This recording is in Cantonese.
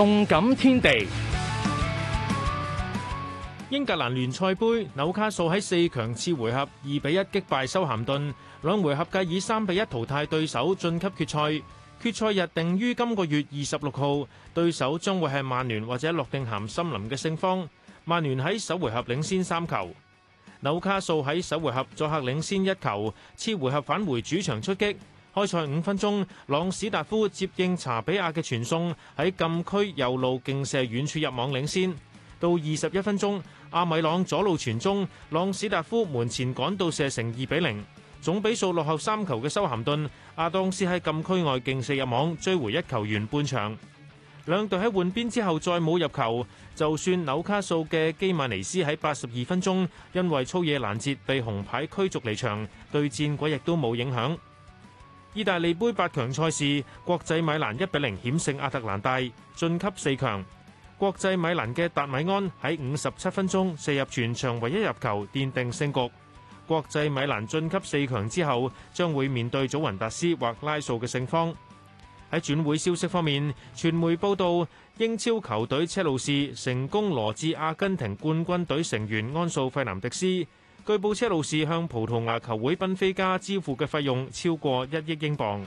動感天地，英格蘭聯賽盃紐卡素喺四強次回合二比一擊敗修咸頓，兩回合計以三比一淘汰對手晉級決賽。決賽日定於今個月二十六號，對手將會係曼聯或者諾定咸森林嘅勝方。曼聯喺首回合領先三球，紐卡素喺首回合作客領先一球，次回合返回主場出擊。開賽五分鐘，朗史達夫接應查比亞嘅傳送，喺禁區右路勁射遠處入網領先。到二十一分鐘，阿米朗左路傳中，朗史達夫門前趕到射成二比零。總比數落後三球嘅修咸頓，阿當斯喺禁區外勁射入網追回一球完半場。兩隊喺換邊之後再冇入球，就算紐卡素嘅基曼尼斯喺八十二分鐘因為粗野攔截被紅牌驅逐離場，對戰果亦都冇影響。意大利杯八強賽事，國際米蘭一比零險勝阿特蘭大，晉級四強。國際米蘭嘅達米安喺五十七分鐘射入全場唯一入球，奠定勝局。國際米蘭晉級四強之後，將會面對祖雲達斯或拉素嘅勝方。喺轉會消息方面，傳媒報道英超球隊車路士成功羅致阿根廷冠軍隊成員安素費南迪斯。據報，車路士向葡萄牙球會賓菲加支付嘅費用超過一億英鎊。